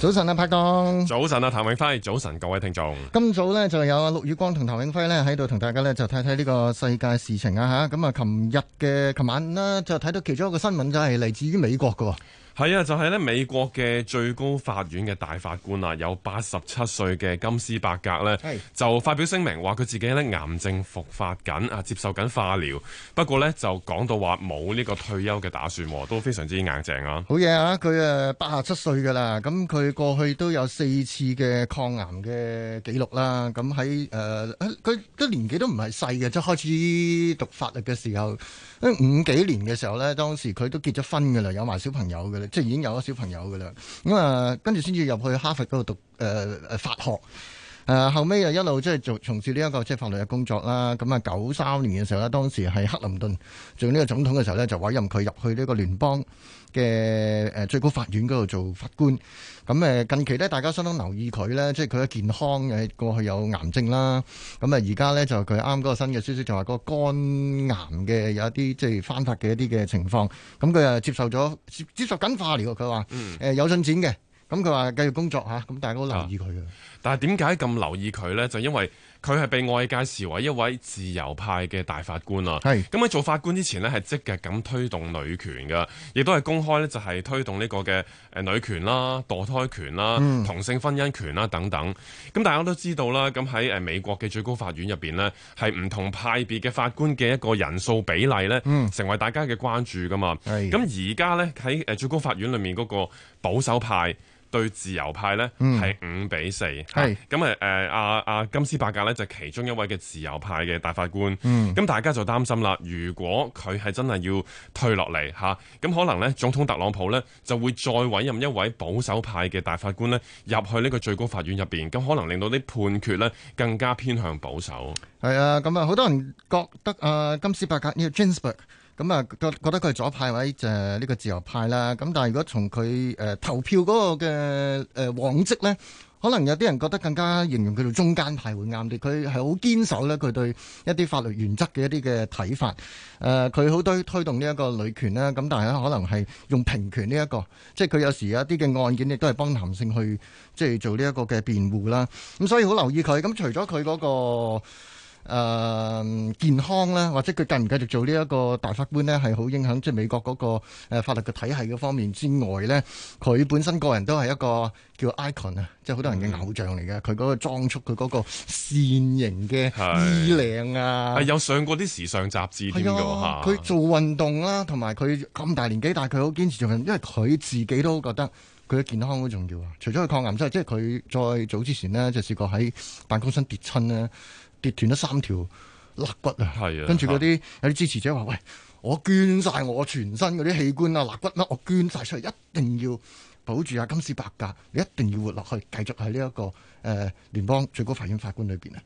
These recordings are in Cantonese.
早晨啊，拍檔。早晨啊，譚永輝。早晨，各位聽眾。今早咧就有阿陸宇光同譚永輝咧喺度同大家咧就睇睇呢個世界事情啊吓。咁啊，琴日嘅琴晚呢，就睇到其中一個新聞就係嚟自於美國喎。係啊，就係咧美國嘅最高法院嘅大法官啊，有八十七歲嘅金斯伯格咧，就發表聲明話佢自己咧癌症復發緊啊，接受緊化療，不過咧就講到話冇呢個退休嘅打算，都非常之硬淨啊。好嘢啊，佢誒八十七歲噶啦，咁佢過去都有四次嘅抗癌嘅記錄啦，咁喺誒佢都年紀都唔係細嘅，即係開始讀法律嘅時候，五幾年嘅時候咧，當時佢都結咗婚噶啦，有埋小朋友噶啦即係已經有咗小朋友㗎啦，咁啊跟住先至入去哈佛嗰度讀誒、呃呃、法學。誒、啊，後尾又一路即係做從事呢一個即係法律嘅工作啦。咁啊，九三年嘅時候呢，當時係克林頓做呢個總統嘅時候呢，就委任佢入去呢個聯邦嘅誒、呃、最高法院嗰度做法官。咁、啊、誒，近期呢，大家相當留意佢呢，即係佢嘅健康誒，過去有癌症啦。咁啊，而家呢，就佢啱嗰個新嘅消息就話嗰個肝癌嘅有一啲即係翻發嘅一啲嘅情況。咁佢啊接受咗接，接受緊化療，佢話誒有進展嘅。咁佢話繼續工作吓，咁大家都留意佢嘅。但係點解咁留意佢咧？就因為佢係被外界視為一位自由派嘅大法官啦。係咁喺做法官之前咧，係積極咁推動女權㗎，亦都係公開咧就係推動呢個嘅誒女權啦、墮胎權啦、嗯、同性婚姻權啦等等。咁大家都知道啦，咁喺誒美國嘅最高法院入邊咧，係唔同派別嘅法官嘅一個人數比例咧、嗯，成為大家嘅關注噶嘛。係咁而家咧喺誒最高法院裏面嗰個保守派。對自由派呢係五比四是，係咁誒誒，阿、啊、阿金斯伯格呢就其中一位嘅自由派嘅大法官，咁、嗯、大家就擔心啦。如果佢係真係要退落嚟吓，咁、啊、可能呢總統特朗普呢就會再委任一位保守派嘅大法官呢入去呢個最高法院入邊，咁可能令到啲判決呢更加偏向保守。係啊，咁啊，好多人覺得啊、呃，金斯伯格 Ginsburg。咁啊，覺覺得佢係左派位，就係呢個自由派啦。咁但係如果從佢誒投票嗰個嘅誒往績呢，可能有啲人覺得更加形容佢做中間派會啱啲。佢係好堅守呢，佢對一啲法律原則嘅一啲嘅睇法。誒，佢好多推動呢一個女權啦。咁但係可能係用平權呢一個，即係佢有時有一啲嘅案件亦都係幫男性去即係做呢一個嘅辯護啦。咁所以好留意佢。咁除咗佢嗰個。誒、嗯，健康咧，或者佢繼唔繼續做呢一個大法官呢，係好影響即係美國嗰個誒法律嘅體系嘅方面之外呢，佢本身個人都係一個叫 icon、嗯、啊，即係好多人嘅偶像嚟嘅。佢嗰個裝束，佢嗰個扇形嘅衣領啊，係有上過啲時尚雜誌添嘅吓。佢、啊、做運動啦，同埋佢咁大年紀，但係佢好堅持做運動，因為佢自己都覺得佢嘅健康好重要啊。除咗佢抗癌之外，即係佢再早之前呢，就試過喺辦公室跌親咧。跌斷咗三條肋骨啊！係啊，跟住嗰啲有啲支持者話：「喂，我捐晒我全身嗰啲器官啊、肋骨乜，我捐晒出嚟，一定要保住阿金斯伯格，你一定要活落去，繼續喺呢一個誒、呃、聯邦最高法院法官裏邊啊！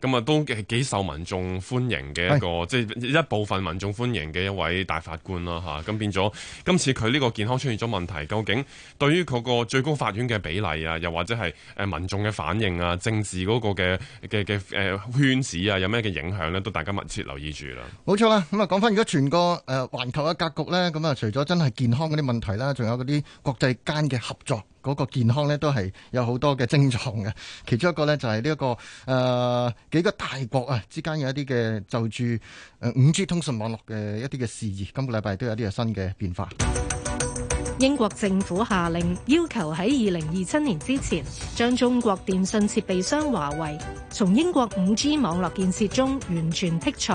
咁啊都幾受民眾歡迎嘅一個，即係一部分民眾歡迎嘅一位大法官啦嚇。咁啊變咗今次佢呢個健康出現咗問題，究竟對於嗰個最高法院嘅比例啊，又或者係誒民眾嘅反應啊，政治嗰個嘅嘅嘅誒圈子啊，有咩嘅影響呢？都大家密切留意住啦。冇錯啦，咁啊講返如果全個誒環球嘅格局呢，咁啊除咗真係健康嗰啲問題啦，仲有嗰啲國際間嘅合作。嗰、那個健康咧都係有好多嘅症狀嘅，其中一個咧就係呢一個誒、呃、幾個大國啊之間有一啲嘅就住五 G 通訊網絡嘅一啲嘅事宜，今個禮拜都有啲嘅新嘅變化。英國政府下令要求喺二零二七年之前，將中國電信設備商華為從英國五 G 網絡建設中完全剔除。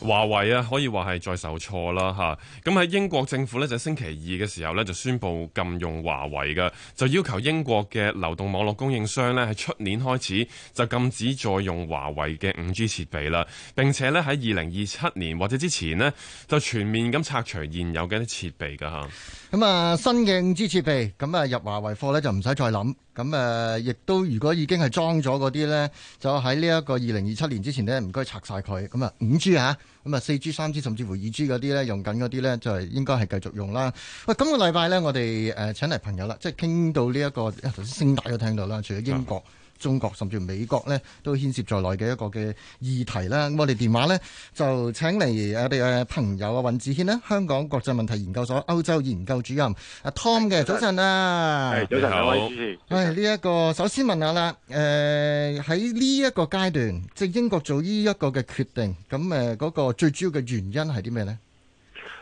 華為啊，可以話係再受挫啦吓。咁喺英國政府咧，就星期二嘅時候咧就宣布禁用華為嘅，就要求英國嘅流動網絡供應商咧喺出年開始就禁止再用華為嘅五 G 設備啦，並且咧喺二零二七年或者之前咧就全面咁拆除現有嘅一啲設備噶吓。咁啊，新嘅五 G 設備咁啊入華為貨咧就唔使再諗。咁誒，亦、嗯、都如果已經係裝咗嗰啲咧，就喺呢一個二零二七年之前咧，唔該拆晒佢。咁啊，五 G 吓，咁啊四 G、三 G 甚至乎二 G 嗰啲咧，用緊嗰啲咧，就係應該係繼續用啦。喂，今個禮拜咧，我哋誒、呃、請嚟朋友啦，即係傾到呢、這、一個，頭先聲帶都聽到啦，除咗英國，啊中國甚至美國咧都牽涉在內嘅一個嘅議題啦。咁我哋電話咧就請嚟我哋嘅、呃、朋友啊，尹子軒咧，香港國際問題研究所歐洲研究主任啊 Tom 嘅，早晨啊，係早晨，你好。誒呢一個首先問下啦，誒喺呢一個階段，即係英國做呢一個嘅決定，咁誒嗰個最主要嘅原因係啲咩呢？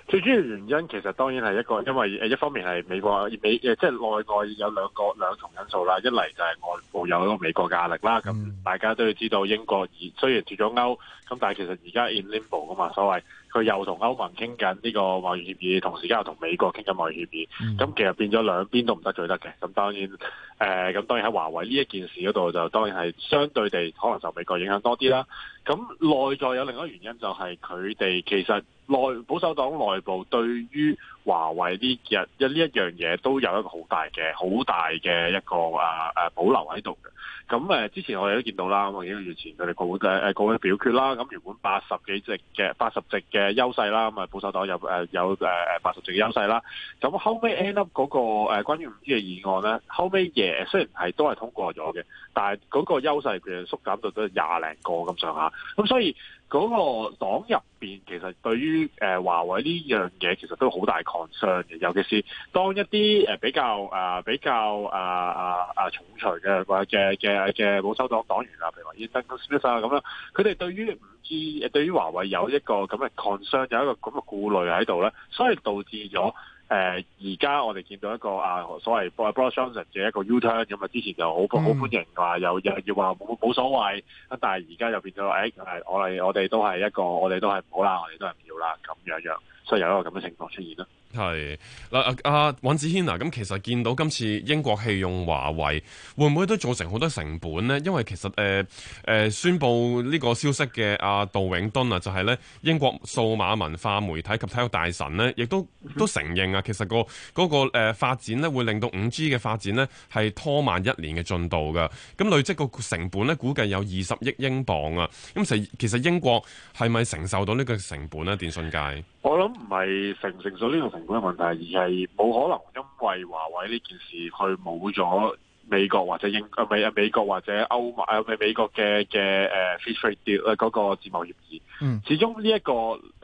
最主要原因其實當然係一個，因為誒一方面係美國美即係、就是、內外有兩個兩重因素啦。一嚟就係外部有一個美國壓力啦。咁、嗯、大家都要知道，英國而雖然脫咗歐，咁但係其實而家 in limbo 噶嘛，所謂佢又同歐盟傾緊呢個貿易協議，同時而家又同美國傾緊貿易協議。咁、嗯、其實變咗兩邊都唔得罪得嘅。咁當然誒，咁、呃、當然喺華為呢一件事嗰度，就當然係相對地可能受美國影響多啲啦。咁、嗯、內在有另一個原因就係佢哋其實。內保守黨內部對於華為呢日一呢一樣嘢，都有一個好大嘅好大嘅一個啊保留喺度嘅。咁誒，之前我哋都見到啦，咁幾個月前佢哋個誒誒個委表決啦，咁原本八十幾席嘅八十席嘅優勢啦，咁啊保守黨有誒有誒誒八十席嘅優勢啦。咁後尾 end up 嗰個誒關於五 G 嘅議案咧，後尾嘢雖然係都係通過咗嘅。但係嗰個優勢佢縮減到都廿零個咁上下，咁所以嗰個黨入面其實對於誒華為呢樣嘢其實都好大 concern 嘅，尤其是當一啲誒比較啊比較啊啊重裁嘅或者嘅嘅嘅保守黨黨員啊，譬如話伊登斯密啊咁樣，佢哋對於五 G 誒對於華為有一個咁嘅 concern，有一個咁嘅顧慮喺度咧，所以導致咗。誒而家我哋見到一個啊所謂 Boris Johnson 嘅一個 U-turn 咁啊，之前就好好歡迎話又又要話冇冇所謂咁，但係而家就變咗誒、哎，我哋我哋都係一個我哋都係唔好啦，我哋都係唔要啦咁樣樣，所以有一個咁嘅情況出現啦係嗱阿阿尹子軒啊，咁其實見到今次英國棄用華為，會唔會都造成好多成本呢？因為其實誒誒、呃呃、宣佈呢個消息嘅阿、啊、杜永敦啊，就係、是、咧英國數碼文化媒體及體育大臣咧，亦都都承認啊，其實、那個嗰、那個誒發展咧，會令到五 G 嘅發展咧係拖慢一年嘅進度㗎。咁累積個成本咧，估計有二十億英鎊啊。咁其實英國係咪承受到呢個成本呢？電信界？我諗唔係成唔成熟呢個成本嘅問題，而係冇可能因為華為呢件事，去冇咗美國或者英啊，唔啊美國或者歐美唔美國嘅嘅誒 free trade deal 嗰個自貿協議。嗯、呃。始終呢一個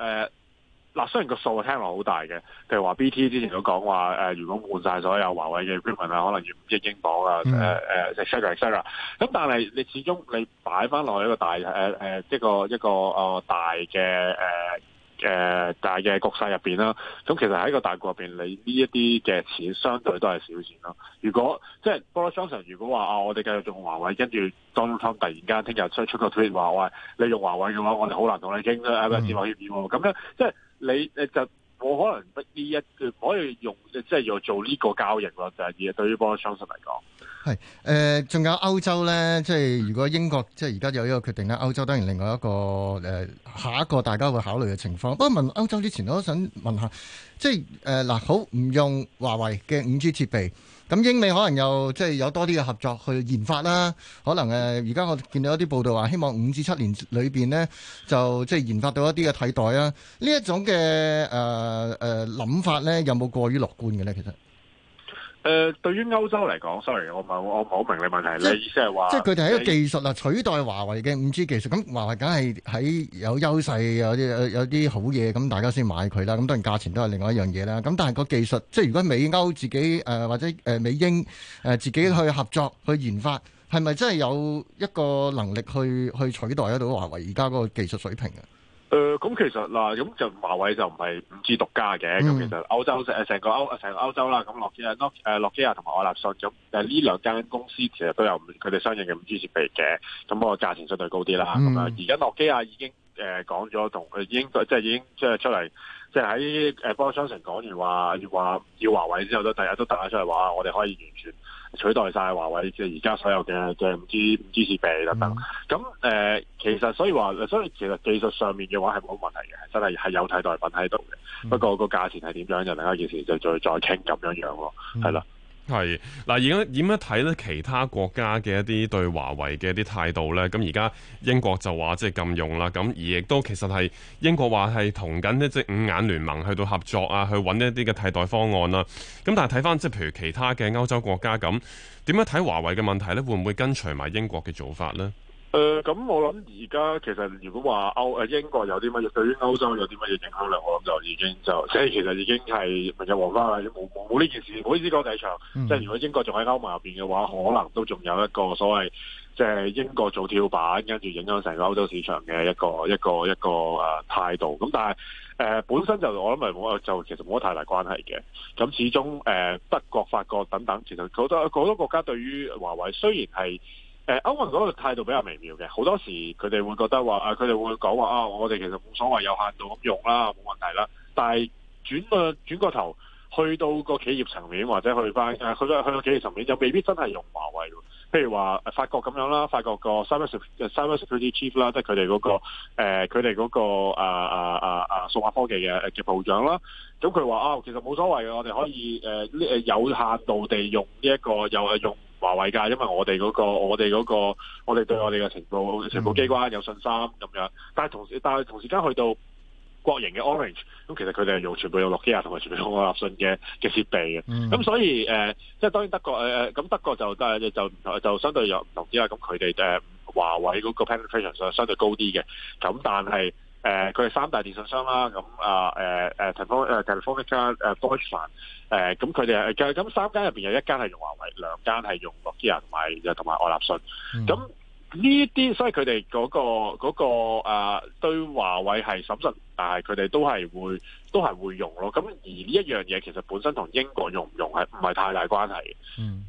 誒，嗱雖然個數聽落好大嘅，譬如話 B T 之前都講話誒，如果換晒所有華為嘅 equipment 啊，可能要五億英鎊啊誒誒，sorry sorry，咁但係你始終你擺翻落去一個大誒誒，即係個一個啊、呃、大嘅誒。呃誒、呃、大嘅局勢入面啦，咁其實喺一個大局入面，你呢一啲嘅錢相對都係少錢咯。如果即係 Boris Johnson 如果話啊，我哋繼續用華為，跟住 Donald Trump 突然間聽日出出個推特話喂，你用華為嘅話，我哋好難同你傾啦。個戰略協議咁咧，即係你，你就。我可能逼呢一個，唔可以用即係要做呢個交易咯，就係、是、啲對於波商信嚟講。係誒，仲、呃、有歐洲咧，即係如果英國即係而家有一個決定咧，歐洲當然另外一個誒下一個大家會考慮嘅情況。不過問歐洲之前，我都想問一下，即係誒嗱，好唔用華為嘅 5G 設備？咁英美可能又即係有多啲嘅合作去研發啦，可能誒而家我見到一啲報道話，希望五至七年裏邊咧就即係研發到一啲嘅替代啊，呃呃、有有呢一種嘅誒誒諗法咧有冇過於樂觀嘅咧？其實。誒、呃，對於歐洲嚟講，sorry，我唔我唔好明白你問題。你意思係話，即係佢哋係一個技術啊取代華為嘅五 G 技術。咁華為梗係喺有優勢，有有有啲好嘢，咁大家先買佢啦。咁當然價錢都係另外一樣嘢啦。咁但係個技術，即係如果美歐自己誒、呃、或者誒、呃、美英誒自己去合作去研發，係咪真係有一個能力去去取代得到華為而家嗰個技術水平啊？誒、呃，咁其實嗱，咁就華為就唔係五 G 獨家嘅，咁、嗯嗯、其實歐洲成個歐成個歐洲啦，咁諾基亞、諾基亞同埋愛立信咁呢兩間公司其實都有佢哋相應嘅五 G 設備嘅，咁、個價錢相對高啲啦。咁啊，而家諾基亞已經誒講咗同佢已經即係已經即係出嚟，即係喺誒幫商城講完話，話要，要華為之後都第日都突咗出嚟話，我哋可以完全。取代晒華為，即係而家所有嘅即係唔知唔知設備等等咁誒，其實所以話，所以其實技術上面嘅話係冇問題嘅，真係係有替代品喺度嘅。嗯、不過個價錢係點樣，就大家件事就再再傾咁樣樣咯，係啦。係嗱，而家點樣睇咧？其他國家嘅一啲對華為嘅一啲態度咧？咁而家英國就話即係禁用啦，咁而亦都其實係英國話係同緊一隻五眼聯盟去到合作啊，去揾一啲嘅替代方案啦，啊。咁但係睇返即係譬如其他嘅歐洲國家咁，點樣睇華為嘅問題咧？會唔會跟隨埋英國嘅做法咧？誒、呃，咁我諗而家其實如果話歐誒英國有啲乜嘢，對於歐洲有啲乜嘢影響力，我諗就已經就即係、就是、其實已經係咪係有黃花啦，冇冇冇呢件事，唔好意思講太長。即係如果英國仲喺歐盟入邊嘅話，可能都仲有一個所謂即係英國做跳板，跟住影響成歐洲市場嘅一個一個一個誒態度。咁但係誒、呃、本身就我諗咪冇就其實冇乜太大關係嘅。咁始終誒、呃，德國、法國等等，其實好多好多國家對於華為雖然係。誒歐盟嗰個態度比較微妙嘅，好多時佢哋會覺得話啊，佢哋會講話啊，我哋其實冇所謂，有限度咁用啦，冇問題啦。但係轉啊轉個頭，去到個企業層面或者去翻去到去到企業層面又未必真係用華為。譬如話法國咁樣啦，法國，法國 Cyber chief，嗰個 cybersecurity chief 啦，即係佢哋嗰個誒，佢哋嗰個啊啊啊啊數碼科技嘅嘅部長啦。咁佢話啊，其實冇所謂嘅，我哋可以誒誒、啊、有限度地用呢、這、一個又係用華為㗎，因為我哋嗰、嗰個，我哋嗰、嗰個，我哋對我哋嘅情報情報機關有信心咁樣。但係同時，但係同時間去到國營嘅 Orange，咁其實佢哋係用全部用諾基亞同埋全部有愛立信嘅嘅設備嘅。咁、嗯嗯、所以誒、呃，即係當然德國誒誒，咁、呃、德國就誒就就，就相對有唔同啲啦。咁佢哋誒華為嗰個 penetration 相相對高啲嘅。咁但係。誒、呃，佢係三大電信商啦，咁啊，誒、呃，誒、啊，騰方，誒、啊，泰利方一家，誒，多傳，誒，咁佢哋咁三間入面有一間係用華為，兩間係用諾基亞，同埋同埋愛立信。咁呢啲，所以佢哋嗰個嗰、嗰個啊，對華為係審慎，但係佢哋都係會都係會用咯。咁而呢一樣嘢，其實本身同英國用唔用係唔係太大關係嘅。嗯。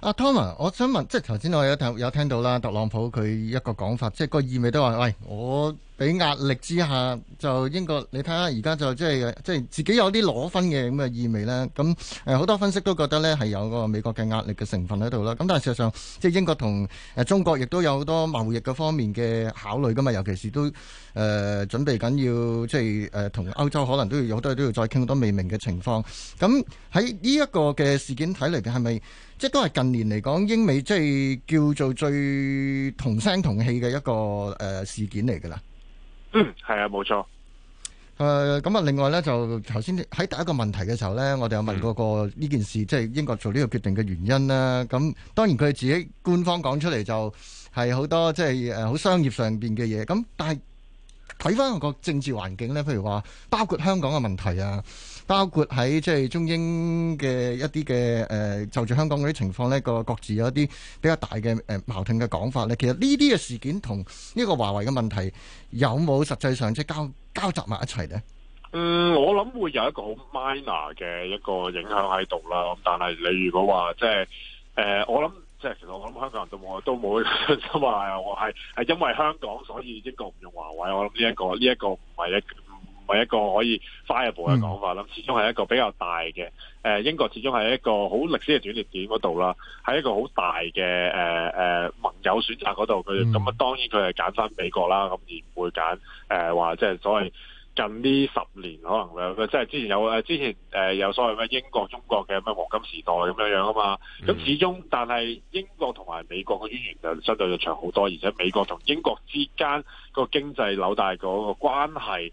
阿 Tom 啊，Tom, 我想問，即係頭先我有聽有聽到啦，特朗普佢一個講法，即係個意味都話，喂，我。俾壓力之下，就英國你睇下，而家就即係即係自己有啲攞分嘅咁嘅意味啦。咁、呃、好多分析都覺得呢係有個美國嘅壓力嘅成分喺度啦。咁但係事實上，即係英國同、呃、中國亦都有好多貿易嘅方面嘅考慮噶嘛。尤其是都誒、呃、準備緊要即係同、呃、歐洲可能都要有好多嘢都要再傾多未明嘅情況。咁喺呢一個嘅事件睇嚟，嘅係咪即係都係近年嚟講英美即係叫做最同聲同氣嘅一個誒、呃、事件嚟㗎啦？係、嗯、啊，冇錯。誒、呃，咁啊，另外呢，就頭先喺第一個問題嘅時候呢，我哋有問過個呢件事，嗯、即係英國做呢個決定嘅原因啦。咁當然佢自己官方講出嚟就係好多即係誒好商業上邊嘅嘢。咁但係睇翻個政治環境呢，譬如話包括香港嘅問題啊。包括喺即係中英嘅一啲嘅誒，就住香港嗰啲情況咧，個各自有一啲比較大嘅誒矛盾嘅講法咧。其實呢啲嘅事件同呢個華為嘅問題有冇實際上即係交交集埋一齊咧？嗯，我諗會有一個好 minor 嘅一個影響喺度啦。咁但係你如果話即係誒，我諗即係其實我諗香港人都冇都冇想話我係係因為香港所以英國唔用華為。我諗呢一個呢一個唔係一。係一個可以 viable 嘅講法啦，始終係一個比較大嘅誒英國，始終係一個好歷史嘅斷裂點嗰度啦，喺一個好大嘅誒誒盟友選擇嗰度佢，咁啊當然佢係揀翻美國啦，咁而唔會揀誒話即係所謂近呢十年可能即係之前有誒之前誒有所謂咩英國中國嘅咩黃金時代咁樣樣啊嘛，咁始終但係英國同埋美國嘅淵源就相對要長好多，而且美國同英國之間個經濟扭大嗰個關係。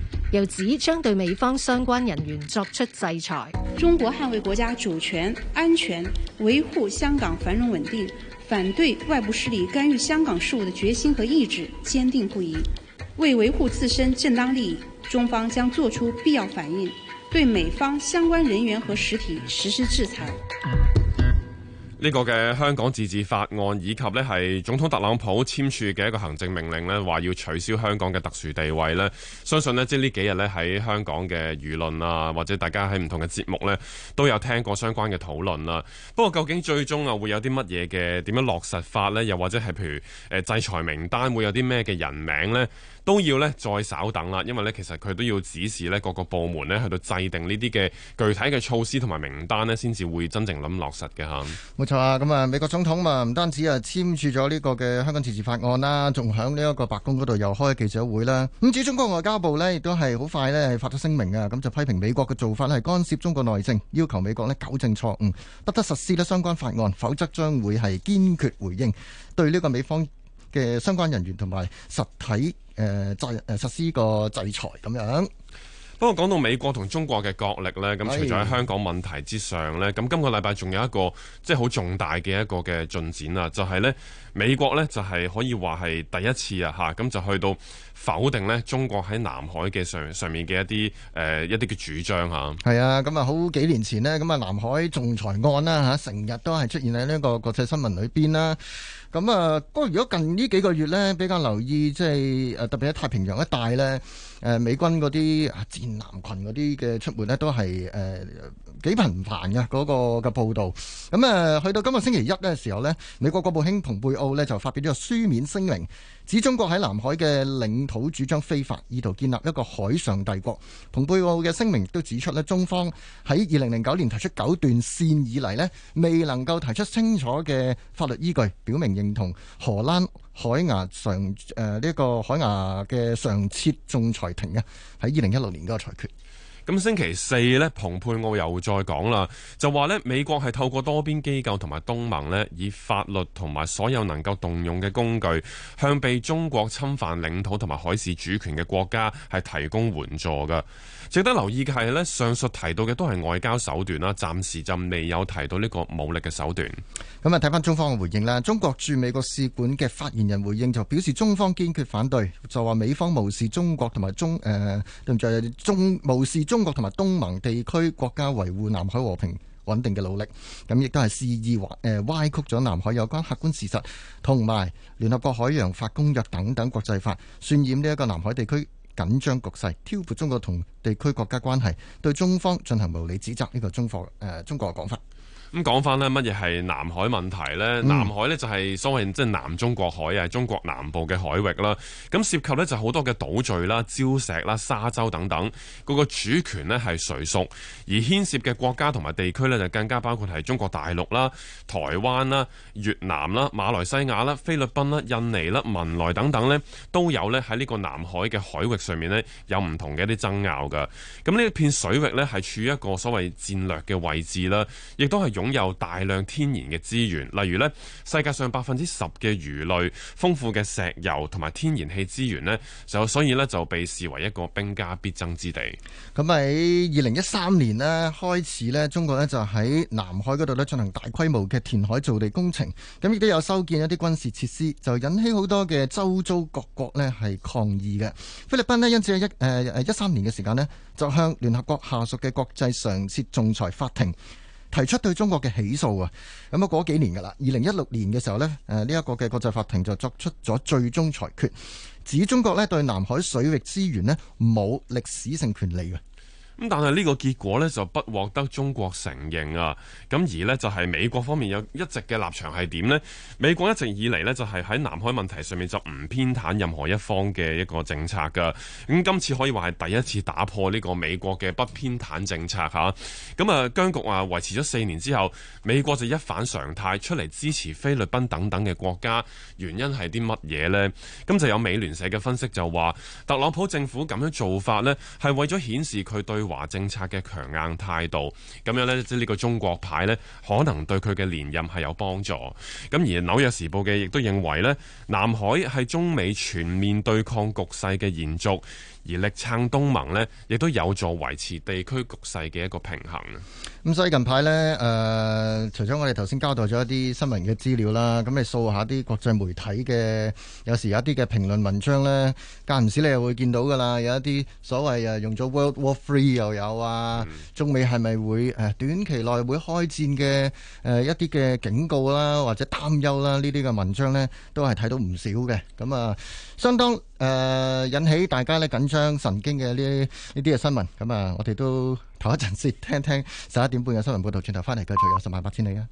又指將對美方相關人員作出制裁。中國捍衛國家主權、安全，維護香港繁榮穩定，反對外部勢力干預香港事務的決心和意志堅定不移。為維護自身正當利益，中方將作出必要反應，對美方相關人員和實體實施制裁。呢個嘅香港自治法案，以及呢係總統特朗普簽署嘅一個行政命令呢，話要取消香港嘅特殊地位呢，相信呢，即係呢幾日呢，喺香港嘅輿論啊，或者大家喺唔同嘅節目呢，都有聽過相關嘅討論啦。不過究竟最終啊會有啲乜嘢嘅點樣落實法呢？又或者係譬如誒制裁名單會有啲咩嘅人名呢？都要咧再稍等啦，因為咧其實佢都要指示咧各個部門咧去到制定呢啲嘅具體嘅措施同埋名單咧，先至會真正諗落實嘅吓。冇錯啊，咁啊美國總統啊唔單止啊簽署咗呢個嘅香港自治法案啦，仲響呢一個白宮嗰度又開記者會啦。咁，至於中國外交部呢，亦都係好快呢係發咗聲明啊，咁就批評美國嘅做法咧係干涉中國內政，要求美國呢糾正錯誤，不得實施呢相關法案，否則將會係堅決回應對呢個美方。嘅相關人員同埋實體、呃、制、呃、實施個制裁咁樣。不過講到美國同中國嘅角力呢，咁除咗喺香港問題之上呢，咁今個禮拜仲有一個即係好重大嘅一個嘅進展啊，就係、是、呢美國呢，就係、是、可以話係第一次啊吓，咁就去到。否定呢，中國喺南海嘅上上面嘅一啲誒、呃、一啲嘅主張吓，係啊，咁啊好幾年前咧，咁啊南海仲裁案啦吓，成、啊、日都係出現喺呢個國際新聞裏邊啦。咁啊，不過如果近呢幾個月咧，比較留意即係誒特別喺太平洋一帶咧，誒、啊、美軍嗰啲、啊、戰艦群嗰啲嘅出沒咧，都係誒、啊、幾頻繁嘅嗰、那個嘅報道。咁啊，去到今日星期一嘅時候咧，美國國務卿蓬佩奧咧就發表咗書面聲明，指中國喺南海嘅領。好主張非法，意圖建立一個海上帝國。蓬佩奧嘅聲明都指出咧，中方喺二零零九年提出九段線以嚟咧，未能夠提出清楚嘅法律依據，表明認同荷蘭海牙常誒呢個海牙嘅常設仲裁庭嘅喺二零一六年嗰個裁決。咁星期四呢，蓬佩奧又再講啦，就話呢，美國係透過多邊機構同埋東盟呢，以法律同埋所有能夠動用嘅工具，向被中國侵犯領土同埋海事主權嘅國家係提供援助噶。值得留意嘅係呢，上述提到嘅都係外交手段啦，暫時就未有提到呢個武力嘅手段。咁啊，睇翻中方嘅回應啦，中國駐美國使館嘅發言人回應就表示，中方堅決反對，就話美方無視中國同埋中誒、呃，對唔住，中無視。中國同埋東盟地區國家維護南海和平穩定嘅努力，咁亦都係肆意誒歪，歪曲咗南海有關客觀事實，同埋聯合國海洋法公約等等國際法，渲染呢一個南海地區緊張局勢，挑撥中國同地區國家關係，對中方進行無理指責呢、這個中國誒中國嘅講法。咁講翻呢乜嘢係南海問題咧？南海咧就係所謂即係南中國海啊，中國南部嘅海域啦。咁涉及咧就好多嘅島嶼啦、礁石啦、沙洲等等。嗰個主權咧係誰屬，而牽涉嘅國家同埋地區咧，就更加包括係中國大陸啦、台灣啦、越南啦、馬來西亞啦、菲律賓啦、印尼啦、文萊等等咧，都有咧喺呢個南海嘅海域上面咧有唔同嘅一啲爭拗噶。咁呢一片水域咧係處於一個所謂戰略嘅位置啦，亦都係用。擁有大量天然嘅資源，例如咧世界上百分之十嘅魚類、豐富嘅石油同埋天然氣資源咧，就所以咧就被視為一個兵家必爭之地。咁喺二零一三年咧開始咧，中國咧就喺南海嗰度咧進行大規模嘅填海造地工程，咁亦都有修建一啲軍事設施，就引起好多嘅周遭各國咧係抗議嘅。菲律賓咧因此喺一誒誒一三年嘅時間咧，就向聯合國下屬嘅國際常設仲裁法庭，提出對中國嘅起訴啊，咁啊幾年噶啦，二零一六年嘅時候呢，誒呢一個嘅國際法庭就作出咗最終裁決，指中國呢對南海水域資源呢冇歷史性權利嘅。咁但係呢個結果咧就不獲得中國承認啊，咁而咧就係美國方面有一直嘅立場係點咧？美國一直以嚟咧就係喺南海問題上面就唔偏袒任何一方嘅一個政策噶，咁、嗯、今次可以話係第一次打破呢個美國嘅不偏袒政策吓，咁啊僵局啊維持咗四年之後，美國就一反常態出嚟支持菲律賓等等嘅國家，原因係啲乜嘢咧？咁就有美聯社嘅分析就話特朗普政府咁樣做法咧係為咗顯示佢對。華政策嘅強硬態度，咁樣呢，即係呢個中國牌呢，可能對佢嘅連任係有幫助。咁而紐約時報嘅亦都認為呢，南海係中美全面對抗局勢嘅延續。而力撐東盟咧，亦都有助維持地區局勢嘅一個平衡。咁所以近排咧，誒，除咗我哋頭先交代咗一啲新聞嘅資料啦，咁你掃下啲國際媒體嘅，有時有一啲嘅評論文章咧，間唔時你又會見到噶啦，有一啲所謂啊，用咗 World War Three 又有啊，中美係咪會誒短期內會開戰嘅誒一啲嘅警告啦，或者擔憂啦，呢啲嘅文章咧，都係睇到唔少嘅。咁啊，相當誒引起大家咧緊張。傷神經嘅呢呢啲嘅新聞，咁啊，我哋都唞一陣先，聽聽十一點半嘅新聞報道，轉頭翻嚟繼續，有十萬八千里啊！